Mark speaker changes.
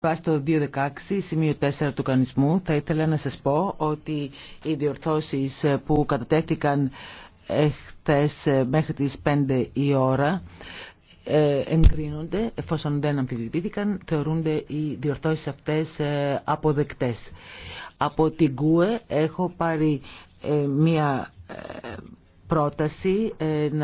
Speaker 1: Βάσει το 216, σημείο 4 του κανισμού θα ήθελα να σας πω ότι οι διορθώσεις που κατατέθηκαν ε, χθες ε, μέχρι τις 5 η ώρα ε, εγκρίνονται, εφόσον δεν αμφισβητήθηκαν, θεωρούνται οι διορθώσεις αυτές αποδεκτές. Από την ΚΟΕ έχω πάρει μία πρόταση να...